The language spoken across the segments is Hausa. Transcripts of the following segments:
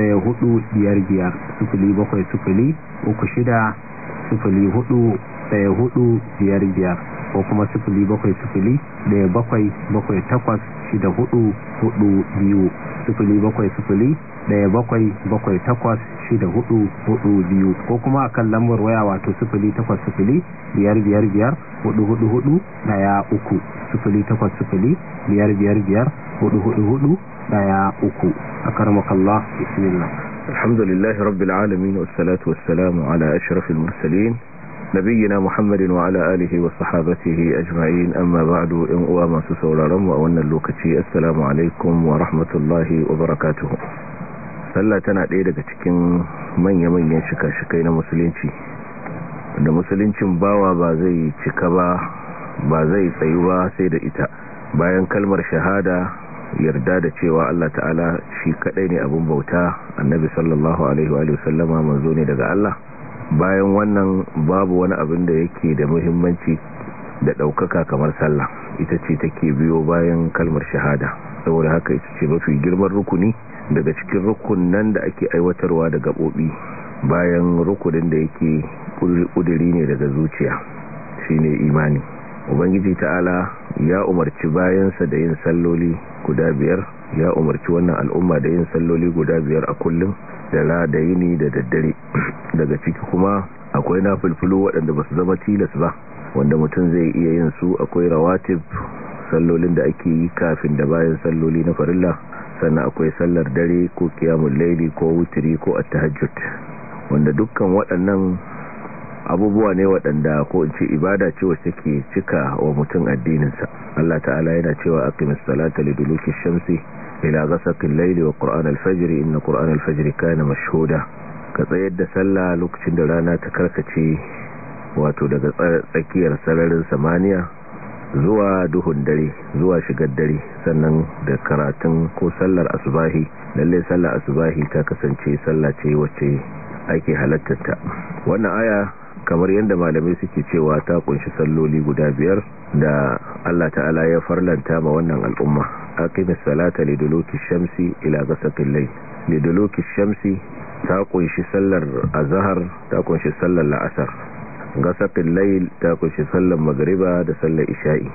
daya hudu biyar sufuli bakwai sufuli uku shida sufuli hudu ɗaya hudu biyar biyar ko kuma sifili bakwai sifili daya bakwai bakwai takwas shida hudu hudu biyu sifili bakwai sifili daya bakwai bakwai takwas shida hudu hudu biyu ko kuma akan lambar waya wato sifili takwas sifili biyar biyar biyar hudu hudu hudu daya uku sifili takwas sifili biyar biyar biyar hudu hudu hudu daya uku a karmakallah bismillah alhamdulillah rabbil alamin wassalatu wassalamu ala ashrafil mursalin نبينا محمد وعلى amma وصحابته yan uwa masu sauraron أواما wannan وأن اللوكتي السلام wa ورحمة wa وبركاته sallah tana ɗaya daga cikin manya-manyan shika-shikai na musulunci da musuluncin bawa ba zai cika ba ba zai tsayu ba sai da ita bayan kalmar shahada yarda da cewa Allah ta'ala shi kaɗai ne abin bauta annabi sallallahu alaihi wa sallama manzo ne daga Allah bayan wannan babu wani abin da yake da muhimmanci da ɗaukaka kamar sallah ita ce take biyo bayan kalmar shahada saboda haka ita ce mafi girman rukuni daga cikin rukunan da ake aiwatarwa da gaɓoɓi bayan rukunin da yake ƙudiri ne daga zuciya shine imani ubangiji ta'ala ya umarci bayansa da yin salloli guda biyar ya umarci wannan al'umma da yin salloli guda biyar a kullum da yini da daddare daga ciki kuma akwai fulfulu waɗanda ba su zama tilas ba wanda mutum zai iya yin su akwai rawatib sallolin da ake yi kafin da bayan salloli na farilla sannan akwai sallar dare ko kiyamun laili ko wutiri ko attahajjud wanda dukkan waɗannan abubuwa ne waɗanda ko in ce ibada ce wacce take cika wa mutum addininsa Allah ta'ala yana cewa aqimis salata shamsi ila ghasakin laili wa qur'an al-fajr inna qur'an al-fajr kana mashhuda ka tsayar da sallah lokacin da rana ta karkace wato daga tsakiyar sararin samaniya zuwa duhun dare zuwa shigar dare sannan da karatun ko sallar asubahi lallai sallar asubahi ta kasance sallah ce wacce ake halattarta wannan aya kamar yadda malamai suke cewa ta kunshi salloli guda biyar da Allah ta'ala ya farlanta ma wannan al'umma aqimis salata liduluki shamsi ila ghasaqil layl liduluki shamsi ta kunshi sallar azhar ta kunshi sallar la'asar ghasaqil layl ta kunshi sallar magriba da sallar isha'i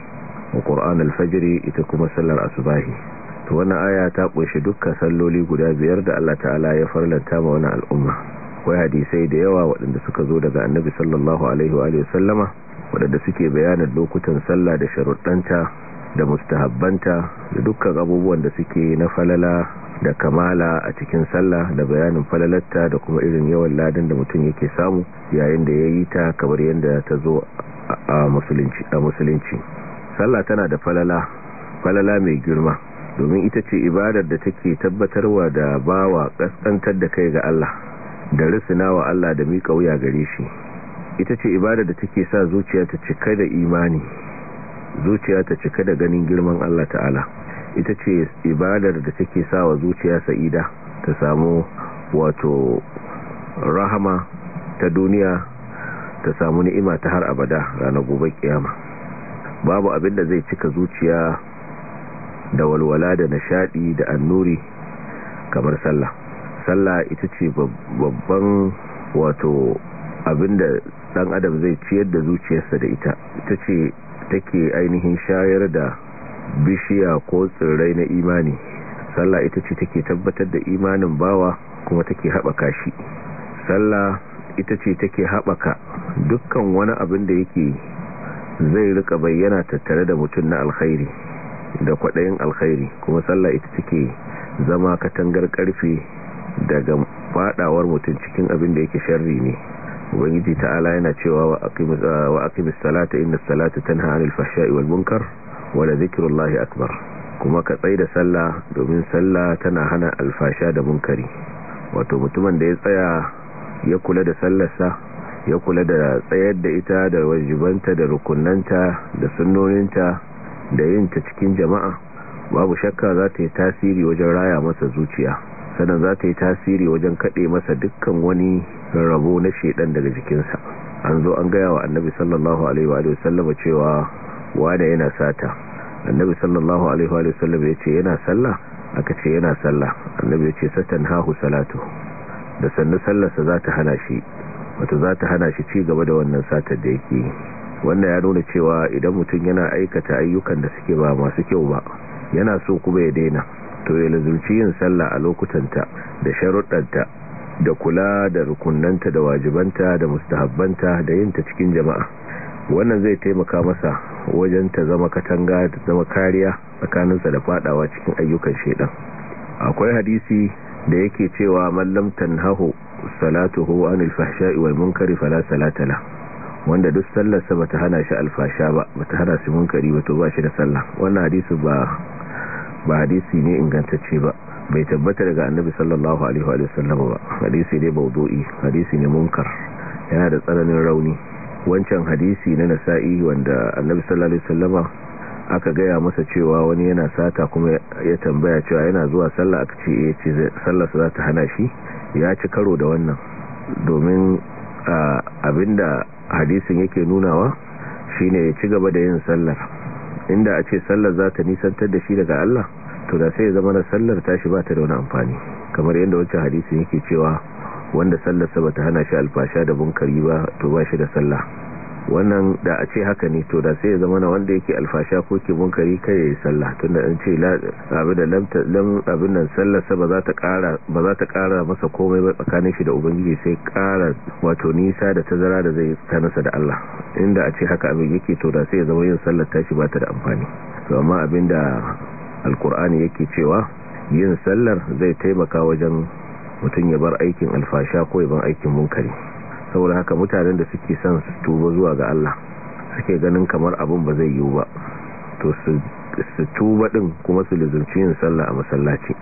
wa qur'an al-fajr ita kuma sallar asbahi to wannan aya ta kunshi dukkan salloli guda biyar da Allah ta'ala ya farlanta ma wannan al'umma akwai hadisai da yawa waɗanda suka zo daga annabi sallallahu alaihi wa sallama waɗanda suke bayanin lokutan sallah da sharuɗanta da mustahabbanta da dukkan abubuwan da suke na falala da kamala a cikin sallah da bayanin falalarta da kuma irin yawan ladan da mutum yake samu yayin da ya yi ta kamar yadda ta zo a musulunci sallah tana da falala falala mai girma domin ita ce ibadar da take tabbatarwa da bawa ƙasƙantar da kai ga Allah da risina wa Allah da mika wuya gare shi ita ce ibada da take sa zuciya ta cika da imani zuciya ta cika da ganin girman Allah ta'ala ita ce ibadar da take sa wa zuciya sa'ida ta samu wato rahama ta duniya ta samu ni'ima ta har abada ranar gobe kiyama babu abin da zai cika zuciya da walwala da nishadi da annuri kamar sallah sallah ita ce babban wato abinda dan adam zai ciyar da zuciyarsa da ita ita ce take ainihin shayar da bishiya ko tsirrai na imani sallah ita ce take tabbatar da imanin bawa kuma take haɓaka shi sallah ita ce take haɓaka dukkan wani abin da yake zai rika bayyana tattare da mutum na alkhairi da kwaɗayin alkhairi kuma sallah ita take zama katangar karfe daga fadawar mutum cikin abin da yake sharri ne ubangiji ta'ala yana cewa wa aqimis salata inna salata tanha 'anil fahsha'i wal munkar wa la dhikrullahi akbar kuma ka tsai da sallah domin sallah tana hana alfasha da munkari wato mutumin da ya tsaya ya kula da sallarsa ya kula da tsayar da ita da wajibanta da rukunanta da sunnoninta da yin ta cikin jama'a babu shakka za ta yi tasiri wajen raya masa zuciya sannan za ta yi tasiri wajen kaɗe masa dukkan wani rabo na shaidan daga jikinsa an zo an gaya wa annabi sallallahu alaihi wa sallama cewa wane yana sata annabi sallallahu alaihi wa sallama ya ce yana sallah aka ce yana sallah annabi ya ce satan hahu salatu da sannu sallarsa za ta hana shi wata za ta hana shi ci gaba da wannan satar da yake wannan ya nuna cewa idan mutum yana aikata ayyukan da suke ba masu kyau ba yana so kuma ya daina to ya yin sallah a lokutanta da sharuɗanta da kula da rukunanta da wajibanta da mustahabbanta da yin ta cikin jama'a wannan zai taimaka masa wajen ta zama katanga da zama kariya tsakaninsa da fadawa cikin ayyukan shaidan akwai hadisi da yake cewa mallam tanhahu salatuhu anil fahsha'i wal munkari fala salata wanda duk sallarsa bata hana shi alfasha ba bata hana shi munkari ba to ba shi da sallah wannan hadisi ba ba hadisi ne ingantacce ba bai tabbata daga annabi sallallahu alaihi wa sallam ba hadisi ne mawdu'i hadisi ne munkar yana da tsananin rauni wancan hadisi na nasa'i wanda annabi sallallahu alaihi sallam aka gaya masa cewa wani yana sata kuma ya tambaya cewa yana zuwa sallah aka ce eh ce sallah za ta hana shi ya ci karo da wannan domin ah, abinda hadisin yake nunawa shine ya ci gaba da yin sallar inda a ce sallar za ta nisantar da shi daga Allah to da sai zama na sallar tashi ba ta da wani amfani kamar yadda wancan hadisin yake cewa wanda sallarsa ba ta hana shi alfasha da bunkari ba to ba shi da sallah wannan da a ce haka ne to da sai ya zama na wanda yake alfasha ko ke munkari kai ya yi sallah tun da an ce abin nan sallarsa ba za ta kara masa komai ba tsakanin shi da ubangiji sai kara wato nisa da tazara da zai tanasa da Allah inda a ce haka abin yake to da sai ya zama yin sallar tashi ba ta da amfani to amma abin da alkur'ani yake cewa yin sallar zai taimaka wajen mutum ya bar aikin alfasha ko ya bar aikin munkari saboda haka mutanen da suke son su tuba zuwa ga Allah suke ganin kamar abun ba zai yiwu ba to su tuba din kuma su lizunci yin sallah a masallaci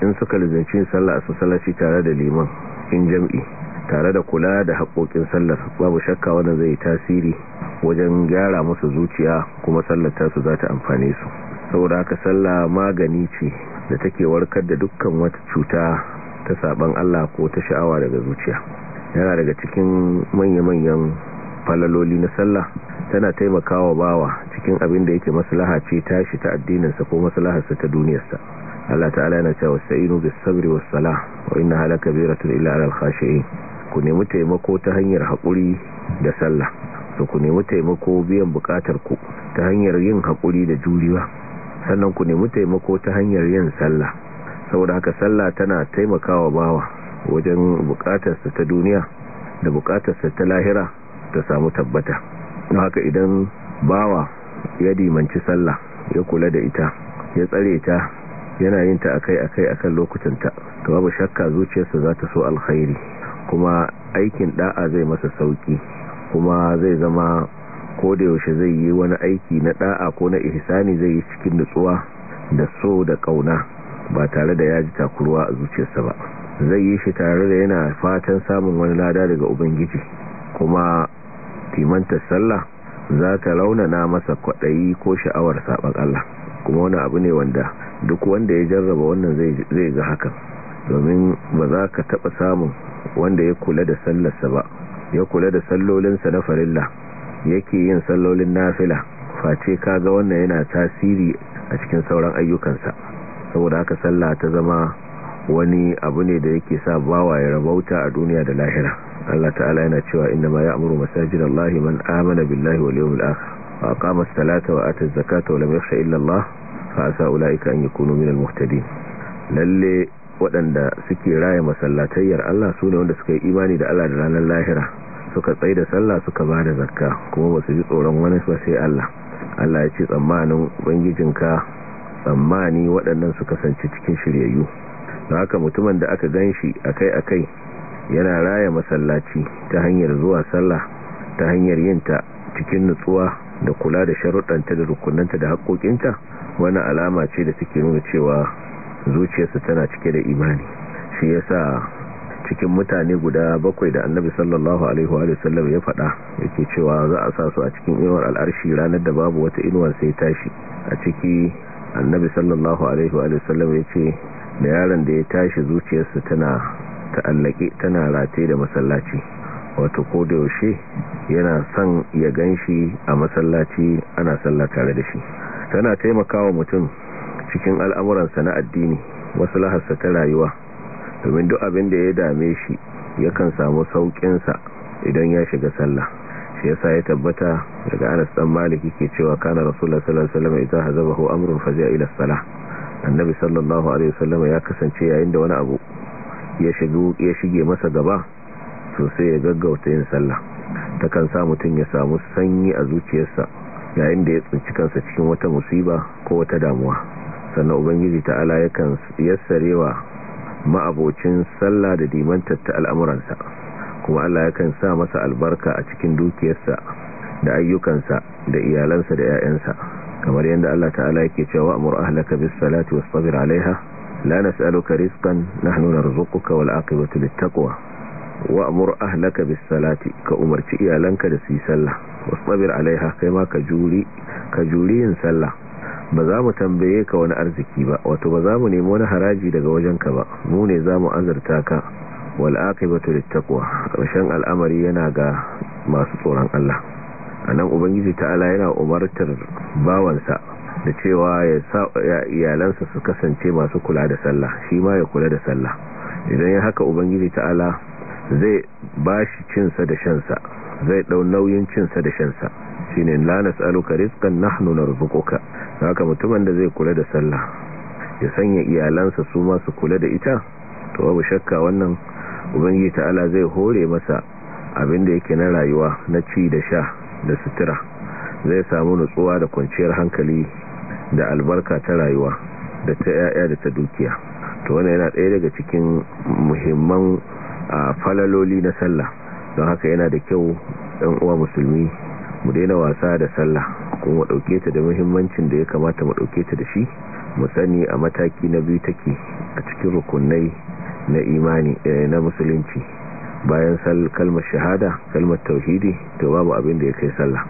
in suka lizunci yin sallah a masallaci tare da liman in jam'i tare da kula da haƙoƙin sallar babu shakka wanda zai tasiri wajen gyara musu zuciya kuma sallar su za ta amfane su saboda haka sallah magani ce da take warkar da dukkan wata cuta ta saban Allah ko ta sha'awa daga zuciya yana daga cikin manya-manyan falaloli na sallah tana taimakawa bawa cikin abin da yake maslaha ce tashi ta addininsa ko maslaharsa ta duniyarsa Allah ta'ala yana cewa sa'inu bis sabri was salah wa inna halaka biratun illa alal khashi'in ku nemi taimako ta hanyar haƙuri da sallah to ku nemi taimako biyan buƙatar ku ta hanyar yin haƙuri da juriwa sannan ku nemi taimako ta hanyar yin sallah saboda haka sallah tana taimakawa bawa wajen bukatarsa ta duniya da bukatarsa ta lahira ta samu tabbata na haka idan bawa ya dimanci sallah ya kula da ita ya tsare ta yana yin ta akai akai akan lokutanta to babu shakka zuciyarsa za ta so alkhairi kuma aikin da'a zai masa sauki kuma zai zama ko da yaushe zai yi wani aiki na da'a ko na ihsani zai yi cikin nutsuwa da so da kauna ba tare da yaji takurwa a zuciyarsa ba zai yi shi tare da yana fatan samun wani lada daga ubangiji kuma timanta sallah za ta raunana masa kwaɗayi ko sha'awar saɓan Allah kuma wani abu ne wanda duk wanda ya jarraba wannan zai ga hakan domin ba za ka taɓa samun wanda ya kula da sallarsa ba ya kula da sallolinsa na farilla yake yin sallolin nafila face ka ga wannan yana tasiri a cikin sauran ayyukansa saboda haka sallah ta zama wani abu ne da yake sa bawa ya rabauta a duniya da lahira Allah ta'ala yana cewa inda ma ya'muru masajidallahi man amana billahi wal yawmil akhir wa aqama as-salata wa ata az-zakata wa lam yakhsha illa Allah fa asa ulaika an yakunu al muhtadin lalle waɗanda suke raya masallatayyar Allah sune wanda suka yi imani da Allah da ranar lahira suka tsaye da sallah suka ba da zakka kuma ba su ji tsoron wani ba sai Allah Allah ya ce tsammanin ubangijinka tsammani waɗannan su kasance cikin shiryayyu don haka mutumin da aka gan shi akai-akai yana raya masallaci ta hanyar zuwa sallah ta hanyar yinta cikin nutsuwa da kula da sharuɗanta da rukunanta da haƙoƙinta wani alama ce da suke nuna cewa zuciyarsa tana cike da imani shi ya sa cikin mutane guda bakwai da annabi sallallahu alaihi wa sallam ya faɗa yake cewa za a sa su a cikin inuwar al'arshi ranar da babu wata inuwar sai tashi a ciki annabi sallallahu alaihi wa sallam ya ce da yaron da ya tashi zuciyarsa tana ta'allake tana rataye da masallaci wato ko da yaushe yana son ya ganshi a masallaci ana sallah tare da shi tana taimakawa mutum cikin al'amuransa na addini lahasa ta rayuwa domin duk abin da ya dame shi yakan samu sauƙinsa idan ya shiga sallah shi yasa ya tabbata daga Anas dan Malik yake cewa kana Rasulullah sallallahu alaihi wasallam idza hazabahu amrun fazi'a ila salah annabi sallallahu alaihi wasallam ya kasance yayin da wani abu ya shigo ya shige masa gaba sosai ya gaggauta yin sallah ta kan sa mutum ya samu sanyi a zuciyarsa yayin da ya tsinci kansa cikin wata musiba ko wata damuwa sannan ubangiji ta'ala kan yassarewa ma'abocin sallah da dimantar ta al'amuransa kuma Allah ya kan sa masa albarka a cikin dukiyarsa da ayyukansa da iyalansa da 'ya'yansa kamar yadda Allah ta'ala yake cewa amur ahlaka bis salati wasbir alaiha la nas'aluka rizqan nahnu narzuquka wal aqibatu lit taqwa wa amur ahlaka bis salati ka umarci iyalanka da su sallah wasbir alaiha kai ma ka juri ka yin sallah ba za mu tambaye ka wani arziki ba wato ba za mu nemi wani haraji daga wajenka ba mu ne za mu azurta ka wal aqibatu lit taqwa karshen al'amari yana ga masu tsoron Allah a nan ubangiji ta'ala yana umartar bawansa da cewa ya sa iyalansa su kasance masu kula da sallah shi ma ya kula da sallah idan ya haka ubangiji ta'ala zai ba shi cinsa da shansa zai dau nauyin cinsa da shansa shi ne lanas aluka rizkan na na rubukoka haka mutumin da zai kula da sallah ya sanya iyalansa su masu kula da ita to babu shakka wannan ubangiji ta'ala zai hore masa abin da yake na rayuwa na ci da sha da sutura zai samu nutsuwa da kwanciyar hankali da albarka ta rayuwa da ta yaya da ta dukiya to wannan yana ɗaya daga cikin muhimman falaloli na sallah don haka yana da kyau ɗan uwa musulmi mu daina wasa da sallah kuma ɗauke ta da muhimmancin da ya kamata mu ɗauke ta da shi mu sani a mataki na biyu take a cikin rukunai na imani eh, na musulunci bayan kalmar shahada kalmar tauhidi to babu abin da ya kai sallah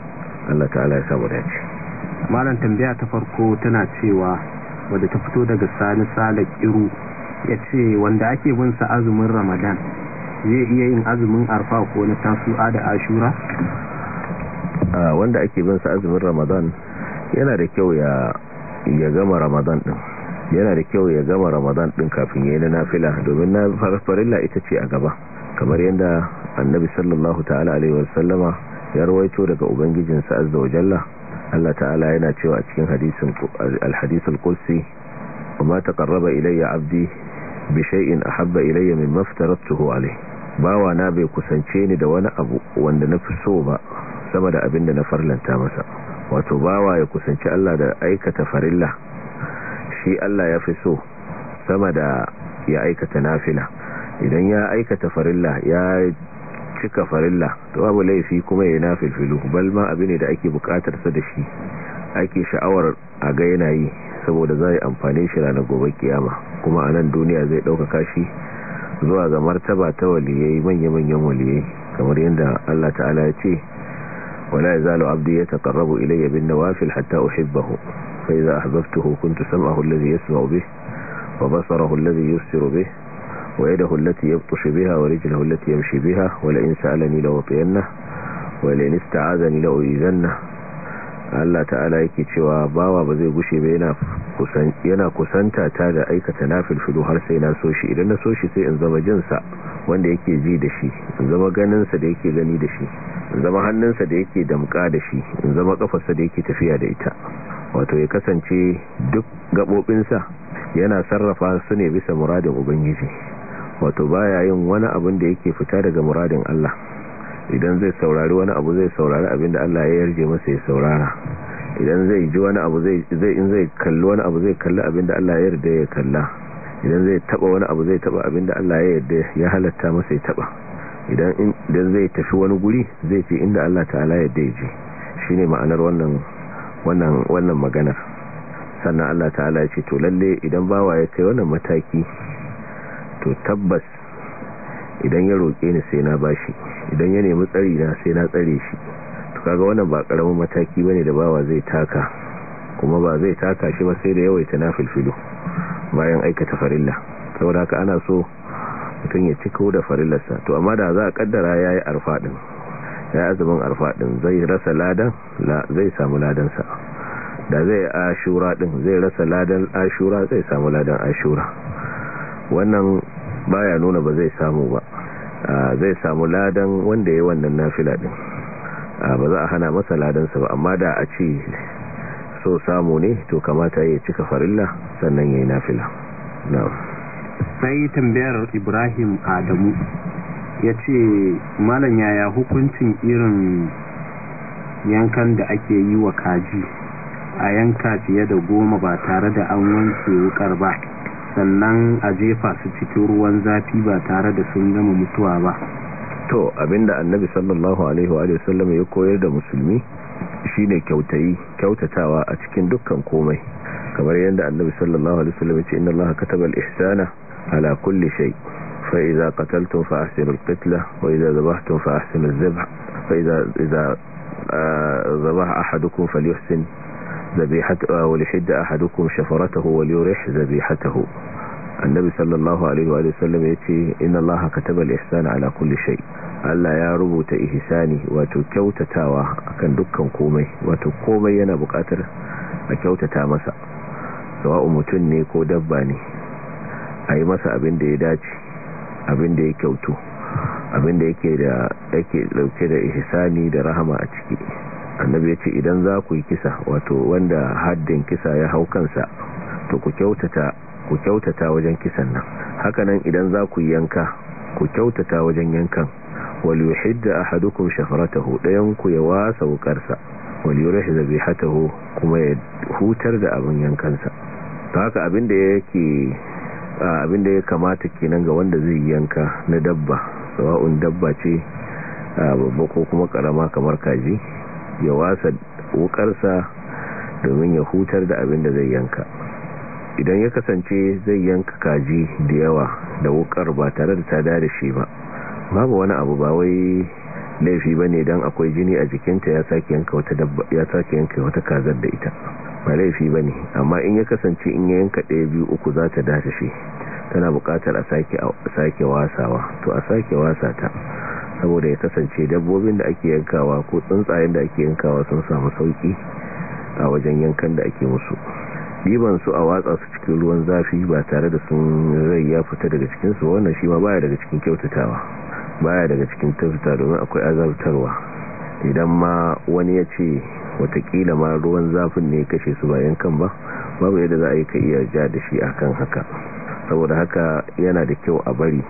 Allah ta'ala ya samu dace malam tambaya ta farko tana cewa wanda ta fito daga sani salak iru ya ce wanda ake bin sa azumin ramadan zai iya yin azumin arfa ko na tasu'a da ashura wanda ake bin sa azumin ramadan yana da kyau ya ya gama ramadan din yana da kyau ya gama ramadan din kafin yayin nafila domin na farfarilla ita ce a gaba kamar yadda annabi sallallahu ta'ala alaihi wasallama ya rawaito daga ubangijinsa azza wa jalla Allah ta'ala yana cewa a cikin hadisin al-hadisul qudsi وما تقرب إلي عبدي بشيء أحب إلي مما افترضته عليه bawa na bai kusance ni da wani abu wanda na fi so ba sama da abin da na farlanta masa wato bawa ya kusanci Allah da aikata farilla shi Allah ya fi so sama da ya aikata nafila idan ya aikata farilla ya cika farilla to babu laifi kuma ya na filfilu balma abu ne da ake bukatar sa da shi ake sha'awar a ga yanayi saboda za yi amfani shi ranar gobe kiyama kuma a nan duniya zai ɗaukaka shi zuwa ga martaba ta waliyai manya-manyan waliyai kamar yadda Allah ta'ala ya ce wala ya zalo abdi ya taƙarrabu ilayya bin nawafil hatta uhibbahu fa iza ahbabtuhu kuntu sam'ahu allazi yasma'u bih wa basarahu allazi yusiru bih ويده التي يبطش بها ورجله التي يمشي بها ولئن سألني لأعطينه ولئن استعاذني لأعيذنه Allah ta'ala yake cewa bawa ba zai gushe ba yana kusan yana kusanta ta da aikata nafil filu har sai na so shi idan na so shi sai in zama jinsa wanda yake ji da shi in zama ganinsa da yake gani da shi in zama hannunsa da yake damka da shi in zama kafarsa da yake tafiya da ita wato ya kasance duk gabobinsa yana sarrafa su ne bisa muradin ubangiji wato baya yin wani abin da yake fita daga muradin Allah idan zai saurari wani abu zai saurari abin da Allah ya yarje masa ya saurara idan zai ji wani abu zai in zai kalli wani abu zai kalli abin da Allah ya yarda ya kalla idan zai taba wani abu zai taba abin da Allah ya yarda ya halatta masa ya taba idan idan zai tafi wani guri zai ce inda Allah ta'ala ya yarda ya je shine ma'anar wannan wannan wannan maganar sannan Allah ta'ala ya ce to lalle idan bawa ya kai wannan mataki to tabbas idan ya roƙe ni sai na bashi idan ya nemi tsari na sai na tsare shi to kaga wannan ba karamin mataki bane da bawa zai taka kuma ba zai taka shi ba sai da yawaita na filfilo bayan aikata farilla saboda haka ana so mutum ya ciko da farillarsa to amma da za a kaddara yayi arfaɗin ya yi azumin arfaɗin zai rasa ladan zai samu ladansa da zai ashura ɗin zai rasa ladan ashura zai samu ladan ashura wannan baya nuna ba zai samu ba zai samu ladan wanda ya wannan nafila din ba za a hana masa ladansa ba amma da a ce so samu ne to kamata ya cika farilla sannan ya yi nafila sai tambayar ibrahim adamu ya ce malam yaya hukuncin irin yankan da ake yi wa kaji a yanka fiye da goma ba tare da an wanke wukar ba sannan a jefa su cikin ruwan zafi ba tare da sun gama mutuwa ba to abinda annabi sallallahu alaihi wa sallam ya koyar da musulmi shine kyautayi kyautatawa a cikin dukkan komai kamar yadda annabi sallallahu alaihi wa sallam ya ce inna allaha kataba al-ihsana ala kulli shay fa idza qataltum fa ahsinu al-qitla wa idza dhabhtum fa ahsinu al dhabh fa idza idza dhabaha ahadukum falyuhsin zabihatu wa lihidda ahadukum shafaratahu wa liyurih zabihatahu annabi sallallahu alaihi wa sallam yace inna allaha kataba al-ihsana ala kulli shay Allah ya rubuta ihsani wato kyautatawa akan dukkan komai wato komai yana bukatar a kyautata masa sawa'u mutum ne ko dabba ne a yi masa abin da ya dace abin da ya kyautu abin da yake da yake dauke da ihsani da rahama a ciki annabi ya ce idan za ku yi kisa wato wanda haddin kisa ya hau kansa to ku kyautata wajen kisan nan hakanan idan za ku yanka ku kyautata wajen yankan wal yuhidda ahadukum shafratahu dayan ku ya wasa wukarsa wal yurih zabihatahu kuma ya hutar da abin yankansa to haka da yake abinda ya kamata kenan ga wanda zai yanka na dabba sawa'un dabba ce babba ko kuma karama kamar kaji ya wasa wukarsa domin ya hutar da abin da zai yanka idan ya kasance zai yanka kaji da yawa da wukar ba tare da ta da shi ba babu wani abu ba wai laifi ba ne don akwai jini a jikinta ya sake yanka wata kazar da ita ba laifi ba ne amma in ya kasance in ya yanka ɗaya biyu uku za ta dace shi tana buƙatar a sake wasawa to a sake wasa ta saboda ya kasance dabbobin da ake yankawa ko tsuntsayen da ake yankawa sun samu sauki a wajen yankan da ake musu ɗiban su a watsa su cikin ruwan zafi ba tare da sun rai ya fita daga cikin cikinsu wannan shi ma baya daga cikin kyautatawa baya daga cikin tafita domin akwai azabtarwa idan ma wani ya ce watakila ma ruwan zafin ne kashe su bayan kan ba babu yadda za a yi ka iya ja da shi akan haka saboda haka yana da kyau a bari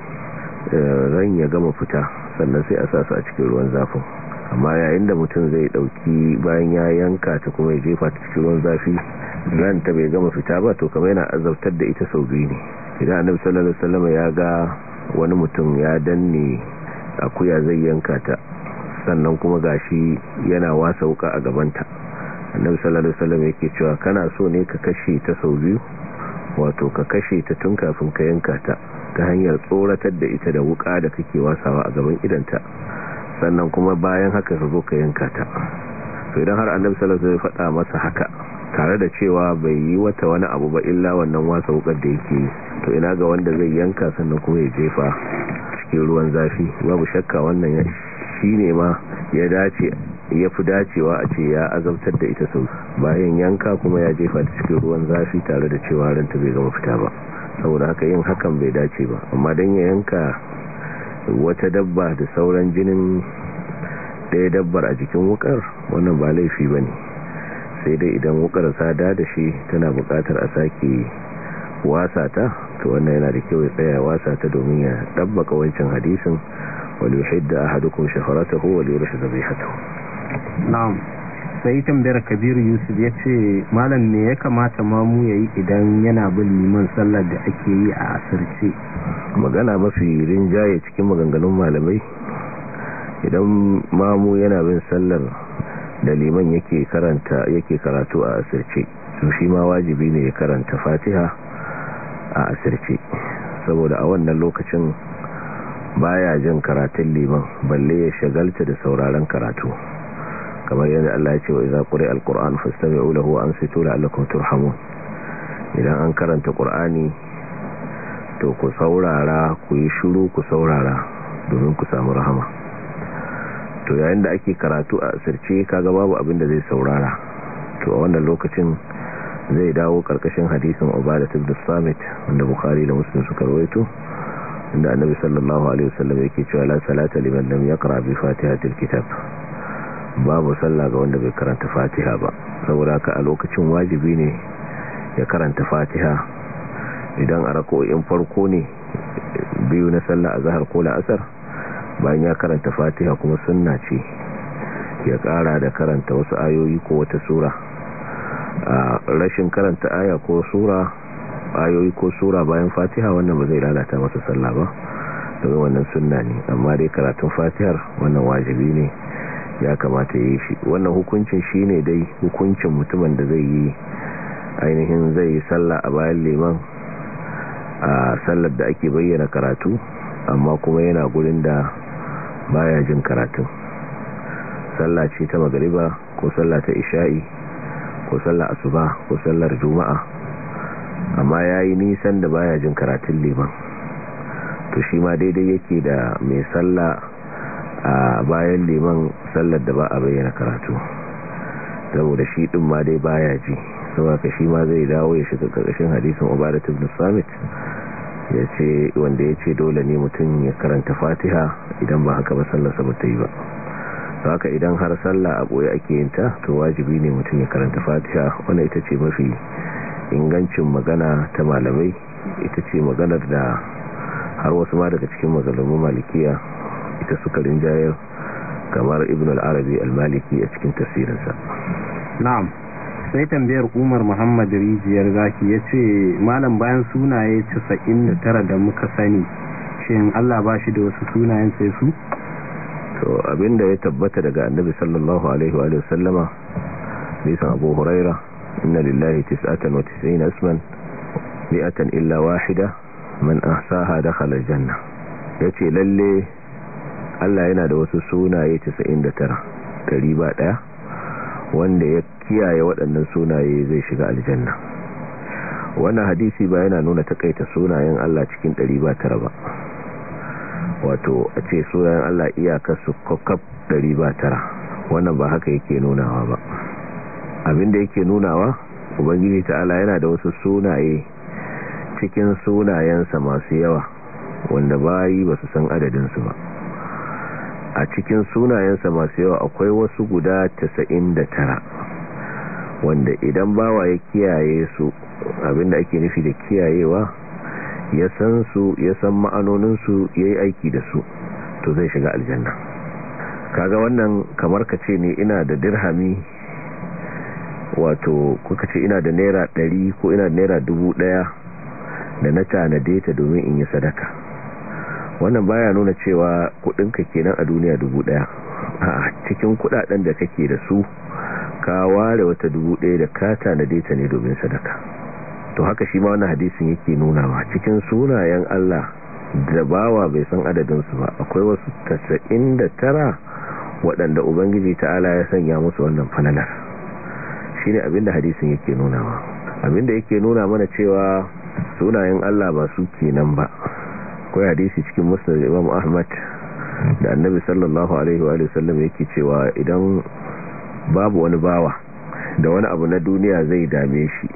Eh, ran ya gama fita sannan sai a sa su a cikin ruwan zafin amma yayin da mutum zai dauki bayan ya yanka ta kuma ya jefa ta cikin ruwan zafi ran ta bai gama fita ba to kamar yana azabtar da ita sau biyu ne idan annabi sallallahu alaihi wasallam ya ga wani mutum ya danne akuya zai yanka ta sannan kuma gashi yana wasa wuka a gaban ta annabi sallallahu alaihi wasallam yake cewa kana so ne ka kashe ta sau biyu wato ka kashe ta tun kafin ka yanka ta ta hanyar tsoratar da ita da wuka da kake wasawa a gaban idanta sannan kuma bayan haka ka zo ka yanka ta to idan har annabi sallallahu alaihi wasallam faɗa masa haka tare da cewa bai yi wata wani abu ba illa wannan wasa wukar da yake to ina ga wanda zai yanka sannan kuma ya jefa cikin ruwan zafi babu shakka wannan shine ma ya dace ya fi dacewa a ce ya azabtar da ita sau bayan yanka kuma ya jefa da cikin ruwan zafi tare da cewa ranta bai gama fita ba saboda haka yin hakan bai dace ba amma don ya yanka wata dabba da sauran jinin daya dabbar a jikin wukar wannan ba laifi ba ne sai dai idan wukar sada da shi tana bukatar a sake wasa ta to wannan yana da kyau ya tsaya wasa ta domin ya ɗabbaka wancan hadisin wal yuhidda ahadukum wani wal zabi dhabihatahu na'am sai tambayar kabiru yusuf ya ce malam ne ya kamata mamu ya yi idan yana bin liman sallar da ake yi a asirce magana mafi rinjaye cikin maganganun malamai idan mamu yana bin sallar da liman yake karanta karatu a asirce su shi ma wajibi ne ya karanta fatiha a asirce saboda a wannan lokacin baya jin karatun liman balle ya shagalta da sauraren karatu kamar yadda Allah ya ce wa idza quri'a al-qur'an fastami'u lahu wa ansitu la'allakum turhamun idan an karanta qur'ani to ku saurara ku yi shiru ku saurara domin ku samu rahama to yayin da ake karatu a asirce kaga babu abin da zai saurara to a wannan lokacin zai dawo karkashin hadisin Ubadah ibn Samit wanda Bukhari da Muslim suka rawaito inda annabi sallallahu alaihi wasallam yake cewa la salata liman lam yaqra bi fatihatil kitab babu sallah ga wanda bai karanta fatiha ba saboda ka a lokacin wajibi ne ya karanta fatiha idan a rako'in farko ne biyu na sallah a zahar ko la'asar bayan ya karanta fatiha kuma sunna ce ya kara da karanta wasu ayoyi ko wata sura a rashin karanta aya ko sura ayoyi ko sura bayan fatiha wannan ba zai lalata masa sallah ba domin wannan sunna ne amma dai karatun fatihar wannan wajibi ne ya kamata yi shi wannan hukuncin shi ne dai hukuncin mutumin da zai yi ainihin zai yi sallah a bayan liman a sallar da ake bayyana karatu amma kuma yana gudun da baya jin karatun sallah ce ta magariba ko sallah ta isha'i ko sallah asuba ko sallar juma'a amma ya yi nisan da baya jin karatun liman to shi ma daidai yake da mai sallah a bayan liman sallar da ba a bayyana karatu saboda shi din ma dai baya ji saboda shi ma zai dawo ya shiga karkashin hadisin ubadat ibn samit ya ce wanda ya ce dole ne mutum ya karanta fatiha idan ba haka ba sallar sa ta yi ba haka idan har sallah a boye ake yin ta to wajibi ne mutum ya karanta fatiha wannan ita ce mafi ingancin magana ta malamai ita ce maganar da har wasu ma daga cikin mazalumin malikiya ita suka rinjayar kamar ibn al-arabi al-maliki a cikin tasirinsa na'am sai tambayar umar muhammad rijiyar zaki ya ce malam bayan sunaye 99 da muka sani shin allah ba shi da wasu sunayen sai su to abinda ya tabbata daga annabi sallallahu alaihi wa sallama nisan abu huraira inna lillahi tis'atan wa tis'ina isman mi'atan illa wahida man ahsaha dakhala janna yace lalle Allah yana da wasu sunaye 99 ɗari ba ɗaya wanda ya kiyaye waɗannan sunaye zai shiga aljanna wannan hadisi ba yana nuna takaita sunayen Allah cikin ɗari ba tara ba wato a ce sunayen Allah iyakar su kokaf ɗari ba tara wannan ba haka yake nunawa ba abinda yake nunawa ubangiji ta'ala yana da wasu sunaye cikin sunayensa masu yawa wanda bayi ba su san adadinsu ba a cikin sunayensa masu yawa akwai wasu guda da tara wanda idan bawa ya kiyaye su abinda ake nufi da kiyayewa ya san su ya san ma'anoninsu ya yi aiki da su to zai shiga aljanna kaga wannan kamar ka ce ne ina da dirhami wato kuka ce ina da naira 100 ko ina da naira dubu 1000 da na tanade ta domin in yi sadaka wannan baya nuna cewa kudinka kenan a duniya dubu daya a cikin kudaden da kake da su ka ware wata dubu daya da ka tanade ta ne domin sadaka to haka shi ma wannan hadisin yake ba cikin sunayen Allah da bawa bai san adadin su ba akwai wasu 99 waɗanda ubangiji ta'ala ya sanya musu wannan falalar shine abinda hadisin yake nunawa abinda yake nuna mana cewa sunayen Allah ba su kenan ba akwai hadisi cikin musnad Imam Ahmad da Annabi sallallahu alaihi wa sallam yake cewa idan babu wani bawa da wani abu na duniya zai dame shi